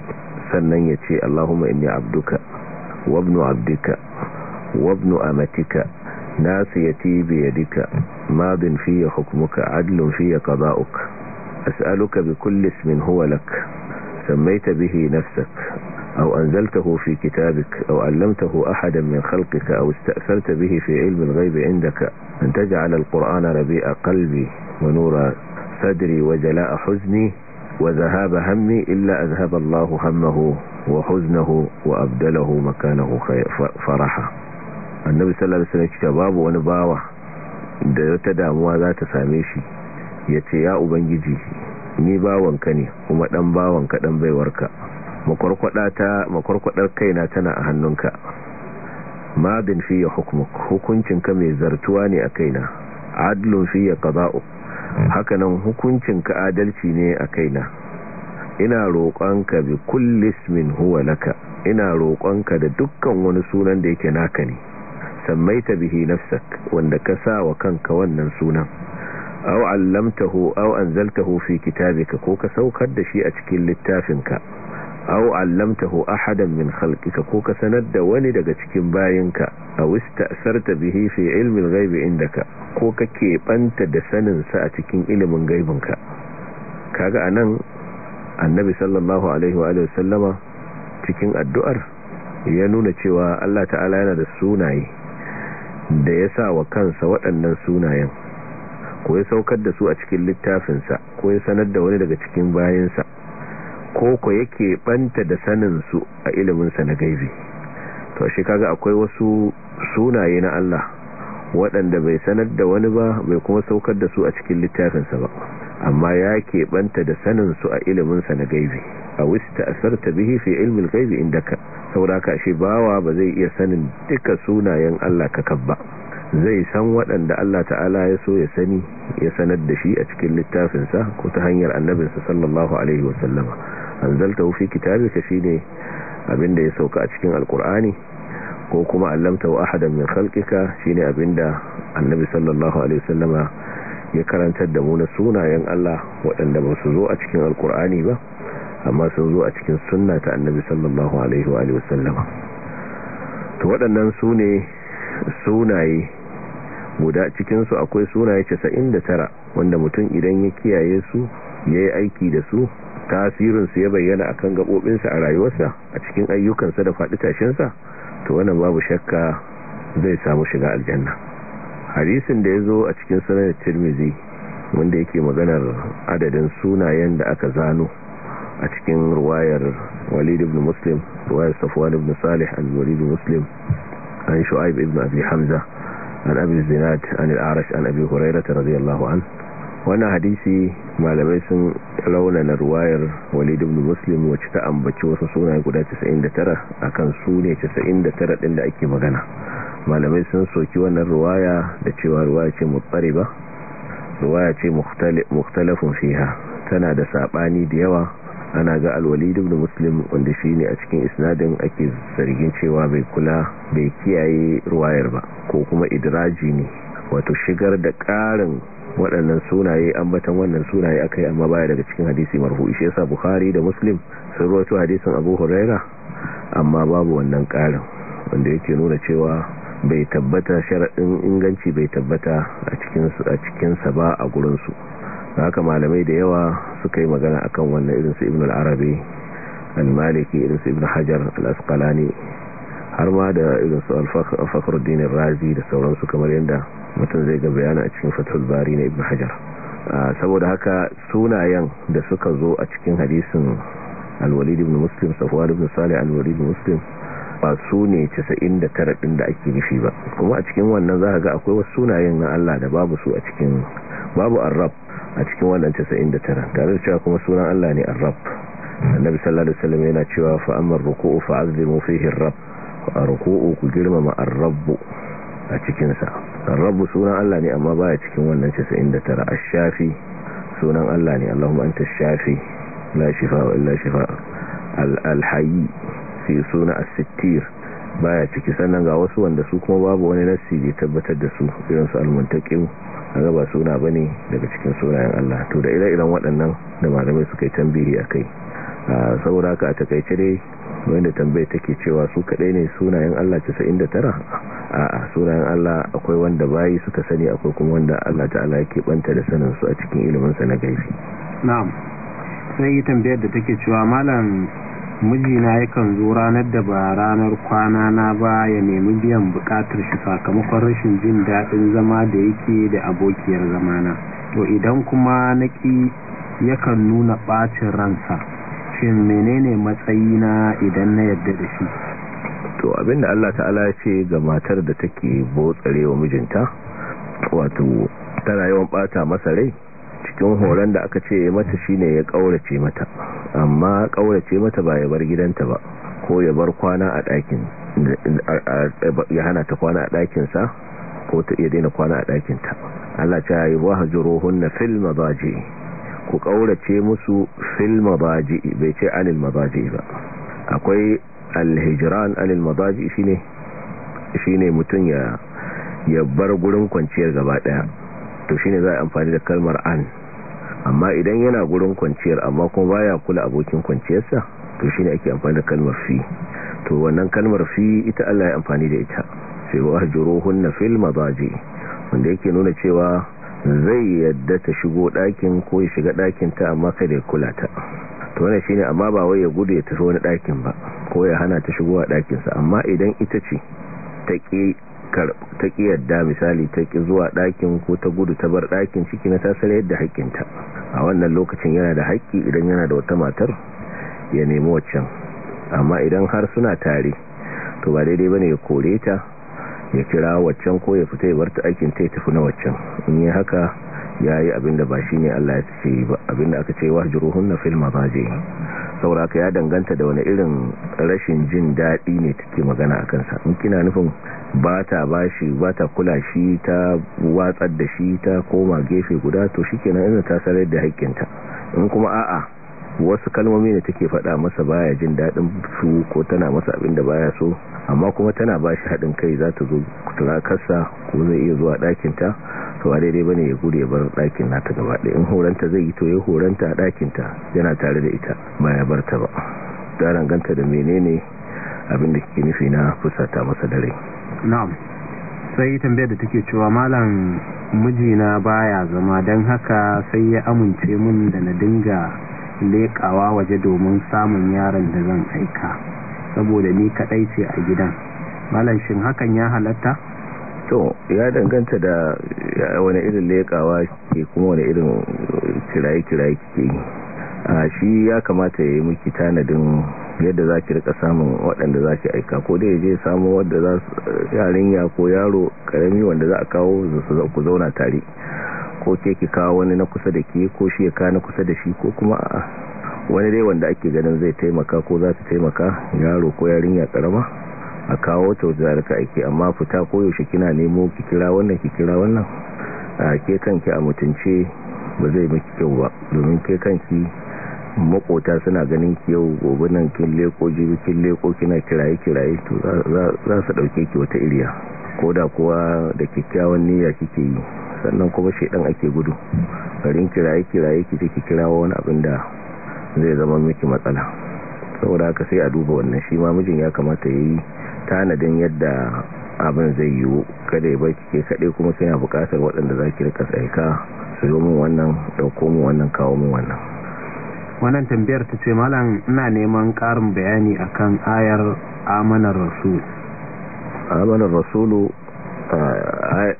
sannan ya ce Allahumma inni abduka wa ibnu abdika wa ibnu amatika nasiyati bi yadika madin fiye hukmuka adlun fiye qada'uk as'aluka bi kulli ismin huwa lak sammaita bihi nafsak أو أنزلته في كتابك أو علمته أحدا من خلقك أو استأثرت به في علم الغيب عندك أن تجعل القرآن ربيع قلبي ونور صدري وجلاء حزني وذهاب همي إلا أذهب الله همه وحزنه وأبدله مكانه فرحا النبي صلى الله عليه وسلم شباب ونباوة da wata damuwa za ta same shi ya ce ya ne kuma dan dan makwarkwadar kaina tana a hannunka ma bin fiye hukumuk hukuncinka mai zartuwa ne a kaina adlun fiye kaza'u hakanan hukuncinka adalci ne a kaina ina roƙonka bi kullis min huwa laka ina roƙonka da dukkan wani sunan da yake naka ne ta bihi nafsak wanda ka sa wa kanka wannan sunan aw allamtahu aw anzaltahu fi kitabika ko ka saukar da shi a cikin littafinka aw allamtahu ahadan min khalqika ko ka sanar da wani daga cikin bayinka aw ista'sarta bihi fi ilmi al-ghaibi indaka ko kake banta da sanin sa a cikin ilimin ka kaga anan annabi sallallahu alaihi wa alihi sallama cikin addu'ar ya nuna cewa Allah ta'ala yana da sunaye da ya sa wa kansa waɗannan sunayen ko ya saukar da su a cikin littafinsa ko ya sanar da wani daga cikin bayinsa. ko ko yake banta da sanin su a ilimin sa na gaibi to shi kaga akwai wasu sunaye na Allah waɗanda bai sanar da wani ba bai kuma saukar da su a cikin littafinsa ba amma ya banta da sanin su a ilimin sa na gaibi a wista asar ta bihi fi ilmin gaibi inda ka sauraka shi bawa ba zai iya sanin duka sunayen Allah ka kabba. zai san waɗanda Allah ta'ala ya so ya sani ya sanar da shi a cikin littafinsa ko ta hanyar annabinsa sallallahu alaihi wasallama anzalta fi kitabika shine abinda ya sauka a cikin alkur'ani ko kuma allamtahu ahadan min khalqika shine abinda annabi sallallahu alaihi wasallama ya karantar da mu na sunayen Allah waɗanda ba su zo a cikin alkur'ani ba amma sun zo a cikin sunna ta annabi sallallahu alaihi wasallama to waɗannan su ne sunaye guda cikinsu akwai sunaye casa'in da tara wanda mutum idan ya kiyaye su ya yi aiki da su tasirinsu ya bayyana a kan gaɓoɓinsa a rayuwarsa a cikin ayyukansa da faɗi tashinsa to wannan babu shakka zai samu shiga aljanna hadisin da ya zo a cikin sanar tirmizi wanda yake maganar adadin sunayen da aka zano a cikin ruwayar walid ibn muslim ruwayar safuwan ibn salih al-walid muslim an shu'aib ibn abi hamza an abin zinat an al'arash an abin hurairata radiyallahu an wannan hadisi malamai sun raunana ruwayar walid ibn muslim wacce ta ambaci wasu sunaye guda 99 akan su ne 99 ɗin da ake magana malamai sun soki wannan ruwaya da cewa ruwaya ce ba ruwaya ce mukhtalafun fiha tana da saɓani da yawa ana ga alwalid da muslim wanda shine a cikin isnadin ake zargin cewa bai kula bai kiyaye ruwayar ba ko kuma idiraji ne wato shigar da karin waɗannan sunaye ambatan wannan sunaye akai amma baya daga cikin hadisi marfu shi yasa buhari da muslim sun rawaito hadisin abu huraira amma babu wannan karin wanda yake nuna cewa bai tabbata sharaɗin inganci bai tabbata a cikinsa ba a gurinsu haka malamai da yawa suka yi magana akan wannan irin ibn al-arabi al-maliki irinsu ibn hajar al-asqalani har ma da irinsu alfakar al razi da sauransu kamar yadda mutum zai ga bayana a cikin fatul bari na ibn hajar saboda haka sunayen da suka zo a cikin hadisin al-walid ibn muslim safuwar ibn salih al-walid ibn muslim ba su ne 99 din da ake nufi ba kuma a cikin wannan za ga akwai wasu sunayen na Allah da babu su a cikin babu arab a cikin wannan 99 tare da cewa kuma sunan Allah ne ar-rabb annabi sallallahu alaihi wasallam yana cewa fa amma ruku'u fa azimu fihi ar-rabb ruku'u ku girmama ar-rabb a cikin sa ar-rabb sunan Allah ne amma baya cikin wannan 99 ash-shafi sunan Allah ne Allahumma anta ash-shafi la shifa illa shifa al-hayy fi sunan as-sittir baya ciki sannan ga wasu wanda su kuma babu wani nassi da tabbatar da su irin su almuntaqiu kaga ba suna bane daga cikin sunayen Allah to da ire-iren waɗannan da malamai suka yi tambihi akai saboda haka a takaice dai wanda tambayar take cewa su kadai ne sunayen Allah 99 a'a sunayen Allah akwai wanda bayi suka sani akwai kuma wanda Allah ta'ala yake banta da sanin su a cikin ilimin sa na gaifi na'am sai tambayar da take cewa malam mijina yakan zo ranar da ba ranar kwana na ba ya nemi biyan bukatar shi sakamakon rashin jin daɗin zama da yake da abokiyar zamana to idan kuma naki yakan nuna ɓacin ransa shin menene na idan na yadda da shi to abinda Allah ta'ala ya ce ga matar da take botsarewa mijinta wato tana yawan ɓata masa rai cikin horon da aka ce mata shine ya kaurace mata amma kaurace mata ba ya bar gidanta ba ko ya bar kwana a ɗakin ya hana ta kwana a ɗakinsa ko ta iya daina kwana a ɗakinta Allah ya yi wa hajjurohun na fil mabaji ku kaurace musu fil mabaji bai ce anil mabaji ba akwai alhijiran anil mazaji shine mutum ya bar gurin kwanciyar gaba ɗaya to shine za a amfani da kalmar an amma idan yana gurin kwanciyar amma kuma baya kula abokin kwanciyarsa to shine ake amfani da kalmar fi to wannan kalmar fi ita Allah ya amfani da ita sai wa juruhunna fil madaji wanda yake nuna cewa zai yadda ta shigo ɗakin ko ya shiga ɗakin ta amma kada ya kula ta to wannan shine amma ba wai ya gudu ya tafi wani ɗakin ba ko ya hana ta shigo a ɗakin sa amma idan ita ce ta ke. ta ki yadda misali ta ki zuwa ɗakin ko ta gudu ta bar ɗakin ciki na tasare yadda haƙƙinta a wannan lokacin yana da haƙƙi idan yana da wata matar ya nemi waccan amma idan har suna tare to ba daidai bane ya kore ta ya kira waccan ko ya fita ya bar ta aikin ta ya tafi na waccan in yi haka ya yi abinda ba shi ne Allah ya ce ba abinda aka ce wa juruhun na filma fil je sauraka ya danganta da wani irin rashin jin daɗi ne take magana a kansa in kina nufin ba ta ba shi ba ta kula shi ta watsar da shi ta koma gefe guda to shi kenan ina ta sarar da haƙƙinta in kuma a'a wasu kalmomi ne take faɗa masa baya jin daɗin su ko tana masa abin da baya so amma kuma tana ba shi haɗin kai za ta zo kasa ko zai iya zuwa ɗakinta to daidai bane ya gure bar ɗakin nata gaba ɗaya in horanta zai yi to ya horanta a ta yana tare da ita ba ya bar ta ba ta ranganta da menene abin da kike nufi na fusata masa dare na'am sai tambayar da take cewa malam mijina baya zama don haka sai ya amince mun da na dinga lekawa waje domin samun yaron da zan aika saboda ni kaɗai ce a gidan malam shin hakan ya halatta to ya danganta da wani irin lekawa ke kuma wani irin kiraye-kiraye ke a shi ya kamata ya yi miki tanadin yadda za ki rika samun waɗanda za ki aika ko dai je samu wadda za yarin ya ko yaro karami wanda za a kawo ku zauna tare ko ke ki kawo wani na kusa da ke ko shi ya ka na kusa da shi ko kuma a wani dai wanda ake ganin zai taimaka ko za su taimaka yaro ko yarinya karama a kawo ta wajen zarika aiki amma fita koyaushe kina nemo ki wannan ki wannan a ke kanki a mutunce ba zai miki kyau ba domin ke kanki makota suna ganin ki yau gobe nan kin leko jibi kin leko kina kiraye kiraye to za su dauke ki wata iriya ko da kuwa da kyakkyawan niyya kike yi sannan kuma shaidan ake gudu garin kiraye kiraye ki take kirawo wani abin da zai zama miki matsala saboda haka sai a duba wannan shi ma mijin ya kamata yayi tanadin yadda abin zai yiwu kada ya bai ke kaɗai kuma kina buƙatar waɗanda za ki rika tsaika su zo min wannan ɗauko min wannan kawo min wannan wannan tambayar ta ce malam ina neman ƙarin bayani akan ayar amanar rasul amanar rasulu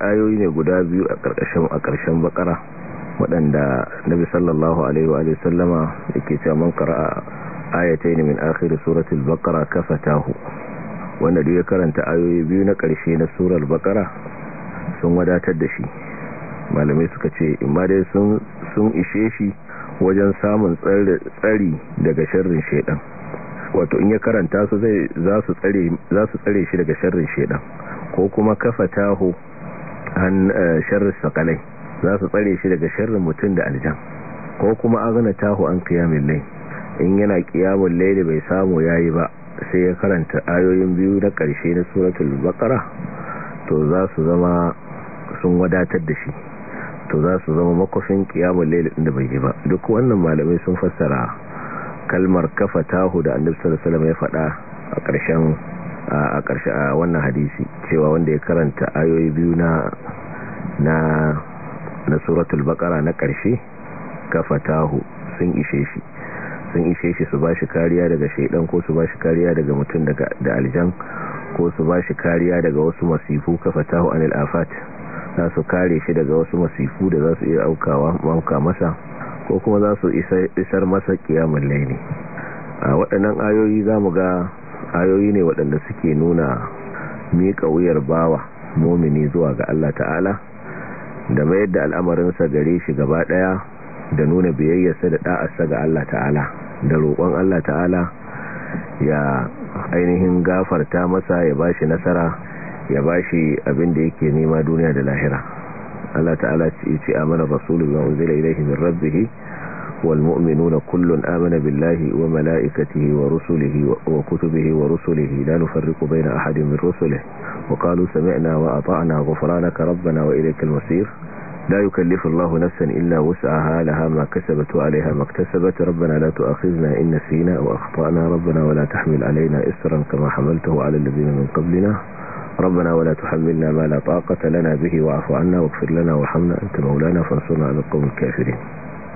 ayoyi ne guda biyu a ƙarƙashin a ƙarshen bakara waɗanda nabi sallallahu alaihi wa sallama yake cewa man qara'a ayatayn min akhir suratul baqara kafatahu wanda duk ya karanta ayoyi biyu na ƙarshe na surar bakara sun wadatar da shi malamai suka ce imma dai sun ishe shi wajen samun tsari daga sharrin shaidan wato in ya karanta su zai za su tsare shi daga sharrin shaidan ko kuma kafa taho an eh, sharrin sakalai za su tsare shi daga sharrin mutum da aljan ko kuma agana taho an kiyamin lai in yana ƙiyamin lai da bai samu yayi ba sai ya karanta ayoyin biyu na ƙarshe na suratul baqara to za su zama sun wadatar da shi to za su zama makofin kiyamun lailin da bai yi ba duk wannan malamai sun fassara kalmar kafa kafatahu da annabi sallallahu alaihi ya faɗa a ƙarshen a a wannan hadisi cewa wanda ya karanta ayoyi biyu na na na suratul baqara na ƙarshe kafatahu sun ishe shi sun ishe shi su ba shi kariya daga shaidan ko su ba shi kariya daga mutum da aljan ko su ba shi kariya daga wasu masifu ka fatahu anil afat za su kare shi daga wasu masifu da za su iya aukawa mamka masa ko kuma za su isar masa kiyamun laini a waɗannan ayoyi za mu ga ayoyi ne waɗanda suke nuna miƙa wuyar bawa momini zuwa ga Allah ta'ala da mayar da al'amarinsa gare shi gaba ɗaya da nuna biyayyarsa da ɗa'arsa ga Allah ta'ala da roƙon Allah ta'ala ya ainihin gafarta masa ya bashi nasara ya bashi abinda da yake nema duniya da lahira Allah ta'ala ce amana rasulullah unzila ilayhi min rabbih wal mu'minuna kullun amana billahi wa malaikatihi wa rusulihi wa kutubihi wa rusulihi la nufarriqu bayna ahadin min rusulihi wa qalu sami'na wa ata'na ghufranaka rabbana wa ilaykal masir لا يكلف الله نفسا إلا وسعها لها ما كسبت وعليها ما اكتسبت ربنا لا تؤاخذنا إن نسينا أو أخطأنا ربنا ولا تحمل علينا إسرا كما حملته على الذين من قبلنا ربنا ولا تحملنا ما لا طاقة لنا به واعف عنا واغفر لنا وارحمنا أنت مولانا فانصرنا على القوم الكافرين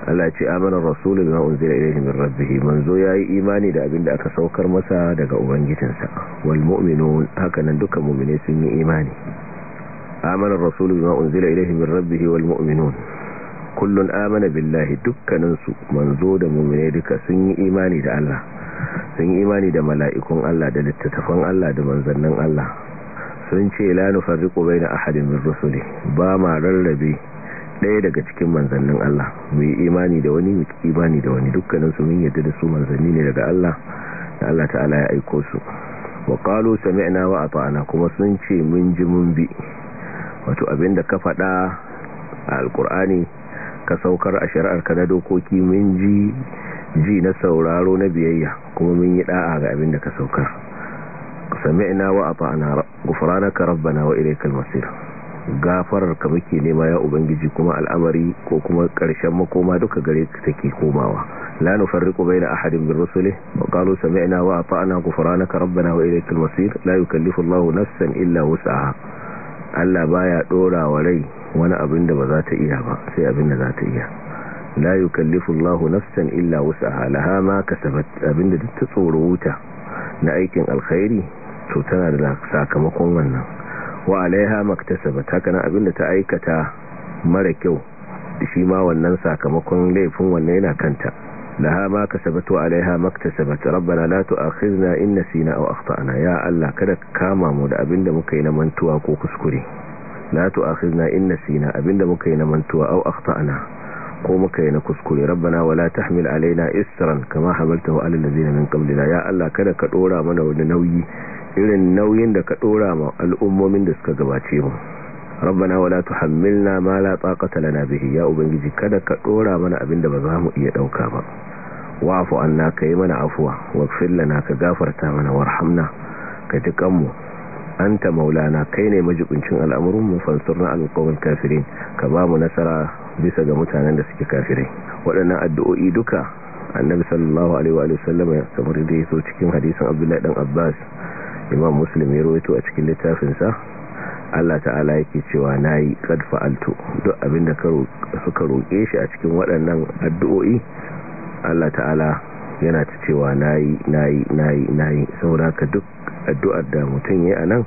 Allah ce amanar rasul bima unzila ilayhi min rabbih manzo yayi imani da abin da aka saukar masa daga ubangijinsa wal mu'minun hakanan dukkan mu'mine sun yi imani amana rasulu bima unzila ilayhi min rabbih wal mu'minun kullun amana billahi dukkanin su manzo da mu'mine duka sun yi imani da Allah sun yi imani da mala'ikun Allah da littattafan Allah da manzannin Allah sun ce la nufarriqu baina ahadin min rasuli. ba ma rarrabe ɗaya daga cikin manzannin Allah mu yi imani da wani mu imani da wani dukkanin su mun yadda da su manzanni ne daga Allah da Allah ta'ala ya aiko su wa qalu sami'na wa ata'na kuma sun ce mun ji mun bi wato abinda ka fada a alkur'ani ka saukar a shari'ar ka na dokoki mun ji ji na sauraro na biyayya kuma mun yi da'a ga abinda ka saukar sami'na wa ata'na ghufranaka rabbana wa ilaykal masir gafarar ka muke nema ya ubangiji kuma al'amari ko kuma karshen makoma duka gare ka take komawa la nufarriqu baina ahadin min ina wa qalu sami'na wa ata'na ghufranaka rabbana wa ilaykal masir la yukallifu Allahu nafsan illa wus'aha Allah baya dora wa rai wani abin da ba za ta iya ba sai abin da za ta iya la yukallifu Allahu nafsan illa wus'aha laha ma kasabat abin da ta tsoro wuta na aikin alkhairi to tana da sakamakon wannan wa alaiha maktasabat haka nan abin da ta aikata mara kyau shi ma wannan sakamakon laifin wannan yana kanta lahama ma kasabat wa alaiha maktasabat rabbana la tu'akhizna in nasina aw akhtana ya Allah kada kama mu da abinda muka yi na mantuwa ko kuskure la abinda muka yi na mantuwa ko muka yi na kuskure rabbana wala tahmil alaina isran kama hamaltahu alal ladina min qablina ya Allah kada ka dora mana wani irin nauyin da ka dora ma al'ummomin da suka gabace mu rabbana wala tuhammilna ma la taqata lana bihi ya ubangiji kada ka dora mana abinda ba za mu iya dauka ba wa'fu anna kai mana afwa waghfir lana ka gafarta mana warhamna ka dukan mu anta maulana kai ne majibincin al'amuran mu fansurna alqawmil kafirin ka ba mu nasara bisa ga mutanen da suke kafirai waɗannan addu'o'i duka annabi sallallahu alaihi wa sallam kamar da yaso cikin hadisin abdullahi dan abbas imam muslim ya rawaito a cikin littafinsa Allah ta'ala yake cewa nayi qad fa'altu duk abinda suka roke shi a cikin waɗannan addu'o'i Allah ta'ala yana ta cewa nayi nayi nayi nayi saboda duk addu'ar da mutum yayi anan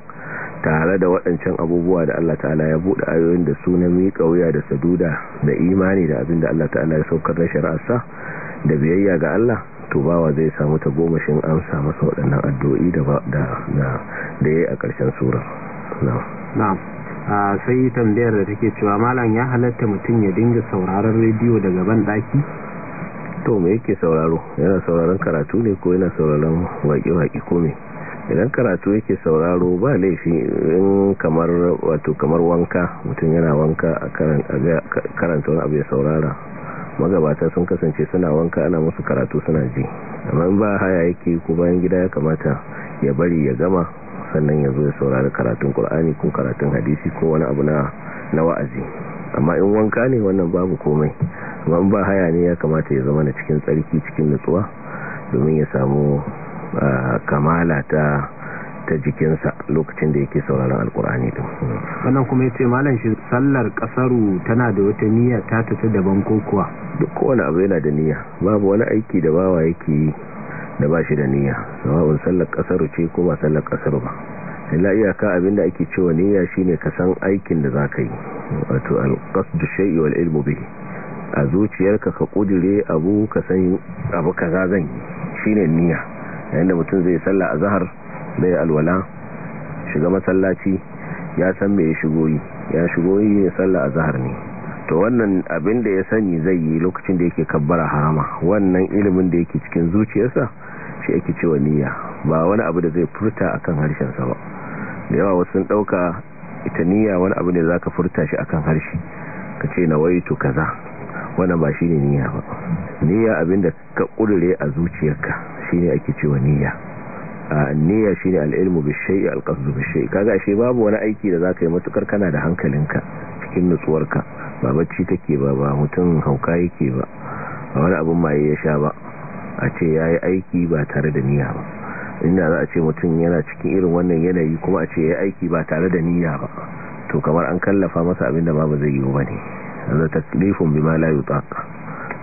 tare da waɗancan abubuwa da Allah ta'ala ya buɗe ayoyin da su na miƙa wuya da saduda da imani da abinda Allah ta'ala ya saukar da shari'arsa da biyayya ga Allah to bawa zai samu ta gomashin amsa masa waɗannan addu'o'i da da da yayi a ƙarshen sura na'am ah, sai tambayar da take cewa malam ya halatta mutum ya dinga sauraron rediyo daga ban daki to me yake sauraro yana sauraron karatu ne ko yana sauraron waƙe-waƙe ko me idan karatu yake sauraro ba laifi in kamar wato kamar wanka mutum yana wanka a karanta wani abu ya saurara magabata sun kasance suna wanka ana musu karatu suna ji amma ba haya yake ko bayan gida ya kamata ya bari ya gama sannan ya zo ya saurari karatun qur'ani ko karatun hadisi ko wani abu na na wa'azi amma in wanka ne wannan babu komai amma in ba haya ne ya kamata ya zama na cikin tsarki cikin nutsuwa domin ya samu kamala ta ta jikinsa lokacin da yake sauraron alkur'ani din wannan kuma yace malam shi sallar kasaru tana da wata niyya ta tace daban ko kuwa duk kowane abu yana da niyya babu wani aiki da bawa yake yi da ba shi da niyya sababin sallar kasar ce ko ba sallar kasar ba illa iyaka abinda ake cewa niyya shine ka san aikin da zaka yi wato al wal ilmu bihi a zuciyarka ka kudire abu ka san abu kaza zan yi shine niyya yayin da mutum zai sallah azhar bai alwala shiga masallaci ya san me ya shigo yi ya shigo yi ya sallah azhar ne to wannan abin da ya sani zai yi lokacin da yake kabbara harama wannan ilimin da yake cikin zuciyarsa shi ake cewa niyya ba wani abu da zai furta akan harshensa ba da yawa wasu sun dauka ita niyya wani abu ne zaka furta shi akan harshe ka ce nawaitu kaza wannan ba shine niyya ba niyya abinda ka kurure a zuciyarka shine ake cewa niyya niyya shine al-ilmu bi-shay'i al-qasdu bi kaga shi babu wani aiki da zaka yi matukar kana da hankalinka cikin nutsuwarka ba bacci take ba ba mutum hauka yake ba wani abun maye ya sha ba a ce ya yi aiki ba tare da niyya ba inda za a ce mutum yana cikin irin wannan yanayi kuma a ce ya yi aiki ba tare da niyya ba to kamar an kallafa masa abin da ba ba zai yiwu ba ne za ta bi ma layu tsaka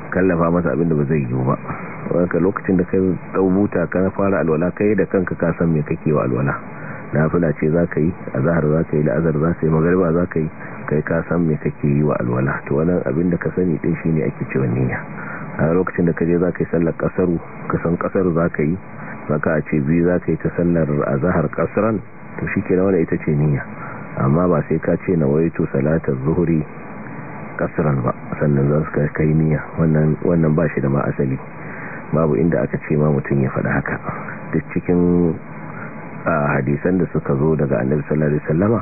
kallafa masa abin da ba zai yiwu ba wanka lokacin da kai dau buta ka fara alwala kai da kanka ka san me kake wa alwala na nafila ce za ka yi a zahar za ka yi la'azar za su yi magariba za ka yi kai ka san me kake yi wa alwala to wannan abin da ka sani din shine ake cewa niyya a lokacin da ka je za ka yi sallar kasaru kasan kasaru za ka yi ka a ce biyu za ka yi ta sallar a zahar kasaran to shi ke da ita ce niyya amma ba sai ka ce na waito salatar zuhuri kasaran ba sannan za su kai niyya wannan ba shi da ma asali babu inda aka ce ma mutum ya faɗa haka duk cikin hadisan da suka zo daga annabi sallallahu alaihi wasallama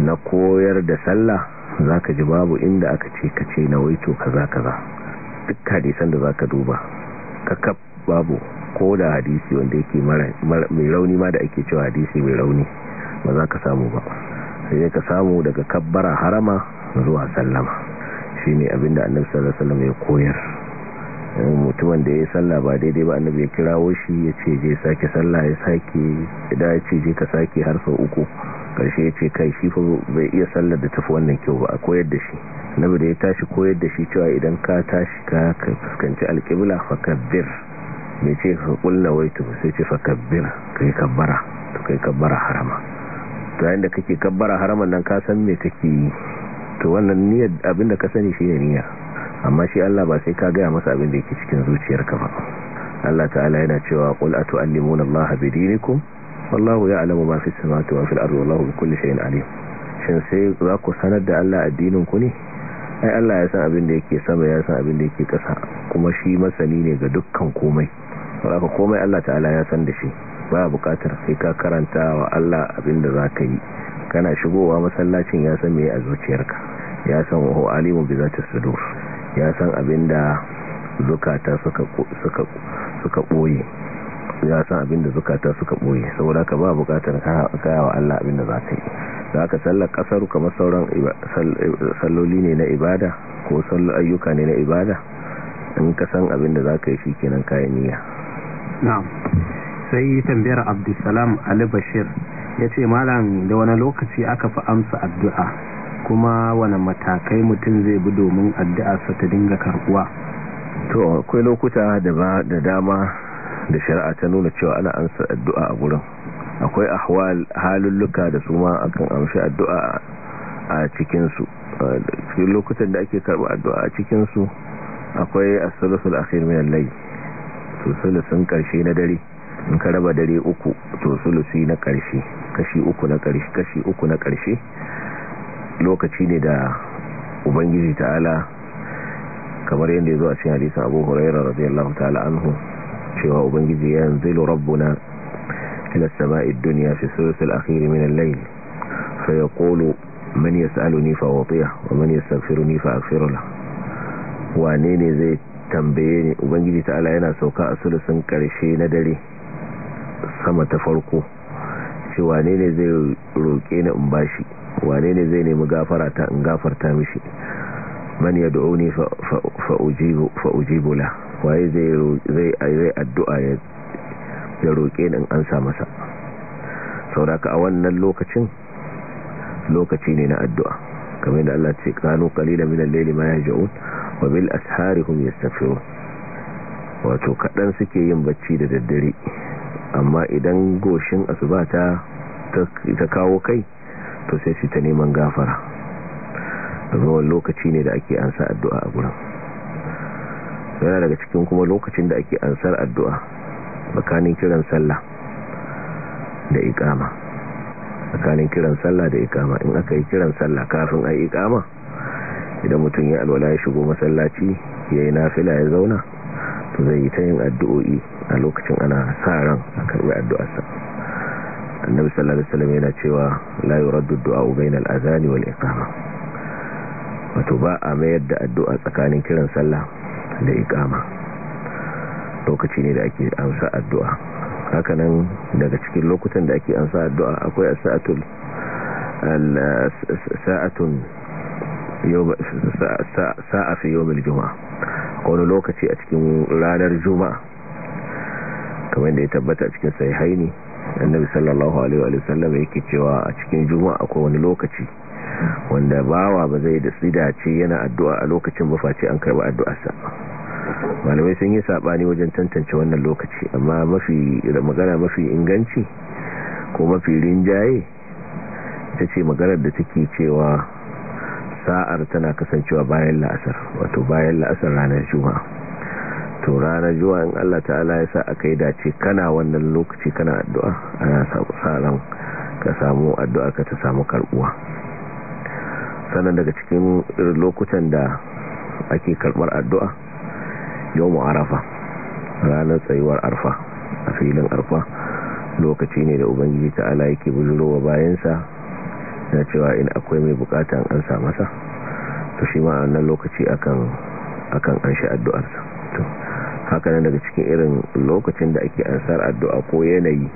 na koyar da sallah zaka ji babu inda aka ce kace na waito kaza kaza duk hadisan da ka duba kakab babu ko da hadisi wanda yake mai rauni ma da ake cewa hadisi mai rauni ba za ka samu ba sai ka samu daga kabbara harama zuwa sallama shine abinda annabi sallallahu alaihi wasallam ya koyar mutumin da ya yi sallah ba daidai ba annabi ya kirawo shi ya ce je sake sallah ya sake da ya ce je ka sake har sau uku karshe ya ce kai shi bai iya sallar da tafi wannan kyau ba a koyar da shi nabi da ya tashi koyar da shi cewa idan ka tashi ka fuskanci alƙibla fakabbir mai ce ka kulla waitu sai ce fakabbir kai kabbara to kai kabbara harama to yayin da kake kabbara haraman nan ka san me kake yi to wannan niyyar da ka sani shi ne niyya amma shi Allah ba sai ka gaya masa abin da yake cikin zuciyarka ba Allah ta'ala yana cewa qul atu'allimuna Allah bi dinikum wallahu ya'lamu ma fis samawati wa fil ardi wallahu bikulli shay'in alim shin sai za ku sanar da Allah addinin ku ne ai Allah ya san abin da yake sama ya san abin da yake ƙasa kuma shi masani ne ga dukkan komai saboda komai Allah ta'ala ya san da shi ba buƙatar sai ka karanta wa Allah abin da zaka yi kana shigowa masallacin ya san meye a zuciyarka ya san wa alimu bi zati sudur ya san abin da zukata suka suka suka boye kansu ya san abinda zukata suka boye saboda ka ba bukatar kaya wa Allah abinda za ka yi za ka sallar ƙasar kamar sauran salloli ne na ibada ko sallar ayyuka ne na ibada in ka san abinda za ka yi shi kenan kayan niyya sai tambayar abdulsalam ali bashir ya ce malam da wani lokaci aka fi amsa addu'a kuma wani matakai mutum zai bi domin addu'arsa ta dinga karbuwa to akwai lokuta da dama da shari'a ta nuna cewa ana ansa addu'a a gurin akwai ahwal halulluka da su ma akan amshi addu'a a cikinsu cikin lokutan da ake karba addu'a a cikinsu akwai asalasul akhir min al-layl to sulusun karshe na dare in ka raba dare uku to sulusi na karshe kashi uku na karshe kashi uku na karshe lokaci ne da ubangiji ta'ala kamar yadda ya zo a cikin hadisin Abu Hurairah radiyallahu ta'ala anhu cewa ubangiji ya yanzilu rabbuna ila sama'i dunya fi sulusul akhir min al-layl fa yaqulu man yas'aluni fa utiya wa man yastaghfiruni fa aghfiru lahu wane ne zai tambaye ni ubangiji ta'ala yana sauka a sulusun karshe na dare sama ta farko ce wane ne zai roƙe ni in bashi wane ne zai nemi gafara ta in gafarta mishi man ya ne fa'ujibu la waye zai addu'a ya roƙe ni in an sa masa sauraka a wannan lokacin lokaci ne na addu'a kamar yadda Allah ce kano kalila minan al ma ya yahja'un wa bil asharihum wato kaɗan suke yin bacci da daddare amma idan goshin asuba ta ta kawo kai to sai su ta neman gafara domin lokaci ne da ake ansa addu'a a gurin yana daga cikin kuma lokacin da ake ansar addu'a tsakanin kiran sallah da ikama tsakanin kiran sallah da ikama in aka yi kiran sallah kafin a ikama idan mutum ya alwala ya shigo masallaci ya yi nafila ya zauna to zai yi ta yin addu'o'i a lokacin ana sa ran a karbi addu'arsa annabi sallallahu alaihi wasallam yana cewa la yuraddu du'a bainal azani wal iqama wato ba a mayar da addu'a tsakanin kiran sallah da ikama lokaci ne da ake amsa addu'a hakanan daga cikin lokutan da ake amsa addu'a akwai sa'atul sa'atun sa'a fi yawmil juma'a wani lokaci a cikin ranar juma'a kamar da ya tabbata a cikin sahihaini annabi sallallahu alaihi wa sallam yake cewa a cikin juma'a akwai wani lokaci wanda bawa ba zai da tsidace yana addu'a a lokacin ba face an karba addu'arsa malamai sun yi sabani wajen tantance wannan lokaci amma mafi magana mafi inganci ko mafi rinjaye ita ce maganar da take cewa sa'ar tana kasancewa bayan la'asar wato bayan la'asar ranar juma'a to ranar juma'a in Allah ta'ala ya sa aka yi dace kana wannan lokaci kana addu'a ana sa ran ka samu addu'a ka ta samu karbuwa sannan daga cikin lokutan da ake karbar addu'a yau arafa ranar tsayuwar arfa a filin arfa lokaci ne da ubangiji ta ala yake bujirowa bayansa na cewa in akwai mai bukatan an sa masa to shi ma a nan lokaci akan an shi addu'arsa hakanan daga cikin irin lokacin da ake ansar addu'a ko yanayi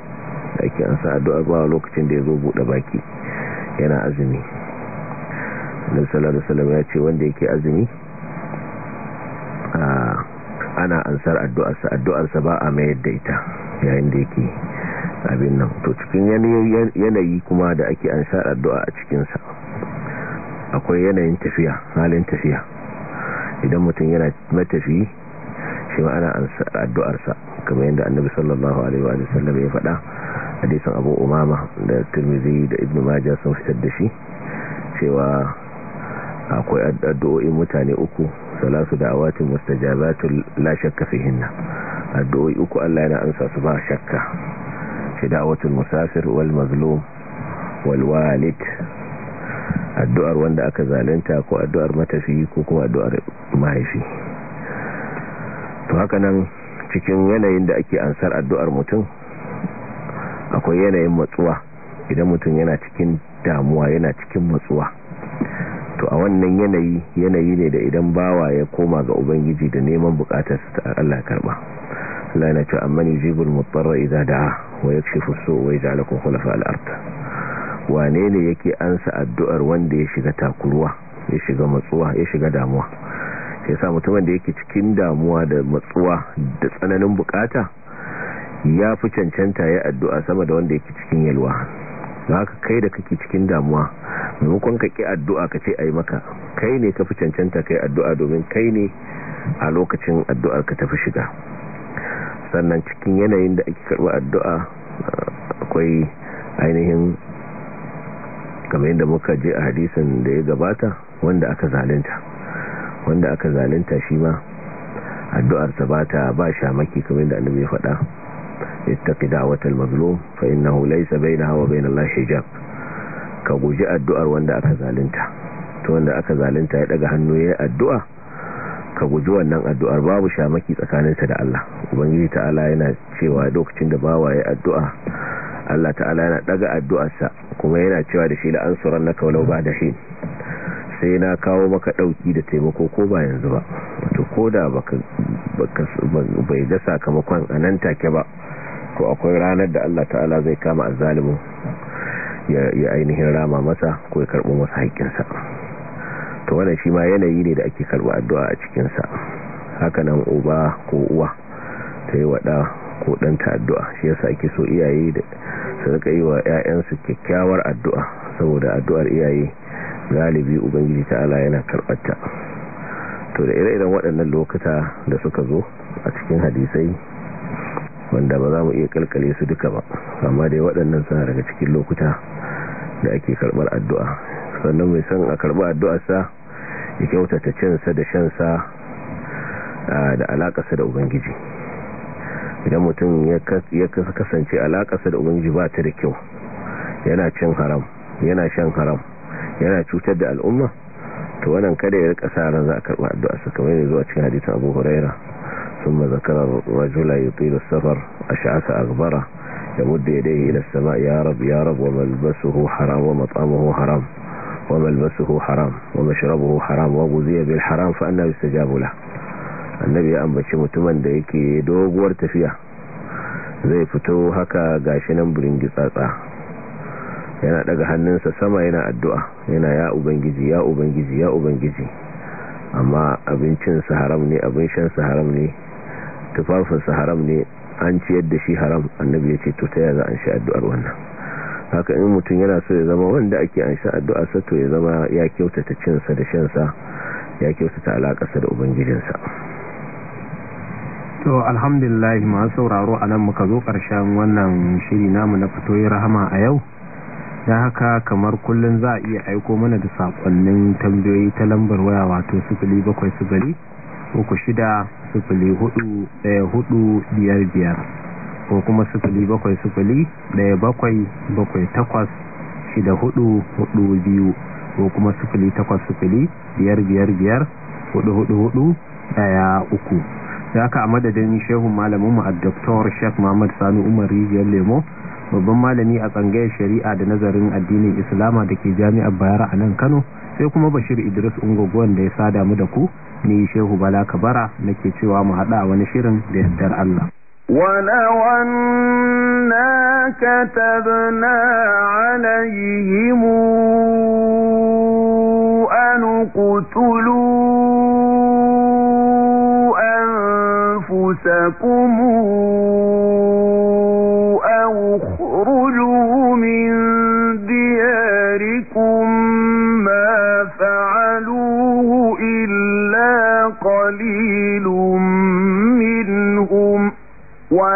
da ake ansar addu'a ba lokacin da ya zo buɗe baki yana azumi sallallahu alaihi ya ce wanda yake azumi ah, ana ansar addu'arsa addu'arsa ba a mayar da ita yayin da yake abin nan to cikin yanayi kuma da ake ansar addu'a a cikin sa akwai yanayin tafiya halin tafiya idan mutum yana matafi shi ma ana ansar addu'arsa kamar yadda annabi sallallahu alaihi wa sallam ya faɗa hadisin abu umama da turmizi da ibnu majah sun fitar da shi cewa akwai addu'o'in mutane uku salasu da'awatin mustajabatu la shakka fihinna addu'o'i uku Allah yana ansa su ba shakka shi da'awatul musafir wal mazlum wal walid addu'ar wanda aka zalunta ko addu'ar matafi ko kuma addu'ar mahaifi to haka nan cikin yanayin da ake ansar addu'ar mutum akwai yanayin matsuwa idan mutum yana cikin damuwa yana cikin matsuwa to a wannan yanayi yanayi ne da idan bawa ya koma ga ubangiji da neman bukatar ta Allah karba Allah yana cewa amman yujibul mutarra idza da'a wa yakshifu su wa yaj'alukum khulafa al-ard wane ne yake ansa addu'ar wanda ya shiga takuruwa ya shiga matsuwa ya shiga damuwa sai sa mutumin da yake cikin damuwa da matsuwa da tsananin bukata ya fi cancanta ya addu'a sama da wanda yake cikin yalwa haka kai da kake cikin damuwa maimakon ka ki addu'a ka ce ai maka kai ne ka fi cancanta kai addu'a domin kai ne a lokacin addu'ar ka tafi shiga sannan cikin yanayin da ake karɓar addu'a akwai ainihin kamar da muka je a hadisin da ya gabata wanda aka zalunta wanda aka zalunta shi ma addu'arsa ba ta ba shamaki kamar yadda annabi ya faɗa ittaqi da'watal mazlum sabai na hawa bai na lashe jab ka guji addu'ar wanda aka zalunta to wanda aka zalunta ya daga hannu ya addu'a ka guji wannan addu'ar babu shamaki tsakanin sa da Allah ubangiji ta'ala yana cewa lokacin da bawa ya addu'a Allah ta'ala yana daga sa kuma yana cewa da shi la naka walau da shi sai na kawo maka dauki da taimako ko ba yanzu ba to koda baka baka bai ga sakamakon anan take ba ko akwai ranar da Allah ta'ala zai kama azzalimin ya ainihin rama masa ko ya karɓo masa haƙƙinsa to wannan shi ma yanayi ne da ake karɓa addu'a a cikin sa haka nan uba ko uwa ta yi waɗa ko ɗanta addu'a shi yasa ake so iyaye da su rika yi wa 'ya'yansu kyakkyawar addu'a saboda addu'ar iyaye galibi ubangiji ta'ala yana karɓarta to da ire-iren waɗannan lokuta da suka zo a cikin hadisai wanda ba za mu iya kalkale su duka ba amma dai waɗannan suna daga cikin lokuta da ake karɓar addu'a sannan mai son a karɓi addu'arsa ya kyautata cinsa da shansa da alaƙasa da ubangiji idan mutum ya kasance alaƙasa da ubangiji ba ta da kyau yana cin haram yana shan haram yana cutar da al'umma to wannan kada ya rika sa ran za a karɓi addu'arsa kamar yanzu a cikin hadisin abu huraira ثم ذكر الرجل يطيل السفر أشعث أغبره يمد يديه إلى السماء يا رب يا رب وملبسه حرام ومطعمه حرام وملبسه حرام ومشربه حرام وغذي بالحرام فأنا يستجاب له annabi ya ambaci mutumin da yake doguwar tafiya zai fito haka ga nan buringi tsatsa yana daga sa sama yana addu'a yana ya ubangiji ya ubangiji ya ubangiji amma abincinsa haram ne abin shansa haram ne tufafinsa haram ne an ciyar da shi haram annabi ya ce to ta yaza an sha addu'ar wannan haka in mutum yana so ya zama wanda ake an sha addu'ar sa to ya zama ya kyautata cinsa da shansa ya kyautata alaƙarsa da ubangijinsa to alhamdulillah masu sauraro a nan muka zo karshen wannan shiri namu na fito yi rahama a yau da haka kamar kullum za a iya aiko mana da saƙonnin tambayoyi ta lambar waya wato sifili bakwai sigali uku shida sufuli hudu daya hudu biyar biyar ko kuma sufuli bakwai sufuli daya bakwai bakwai takwas shida hudu hudu biyu ko kuma sufuli takwas sufuli biyar biyar biyar hudu hudu hudu daya uku da aka a madadin shehun malamin mu a doktor shek muhammad sani umar rijiyar lemo babban malami a tsangayar shari'a da nazarin addinin islama da ke jami'ar bayar a nan kano sai kuma bashir idris ungogon da ya sada mu da ku ni shehu bala kabara nake cewa mu hada wani shirin da yaddar Allah ولو أنا كتبنا عليهم أن قتلوا أنفسكم أو اخرجوا من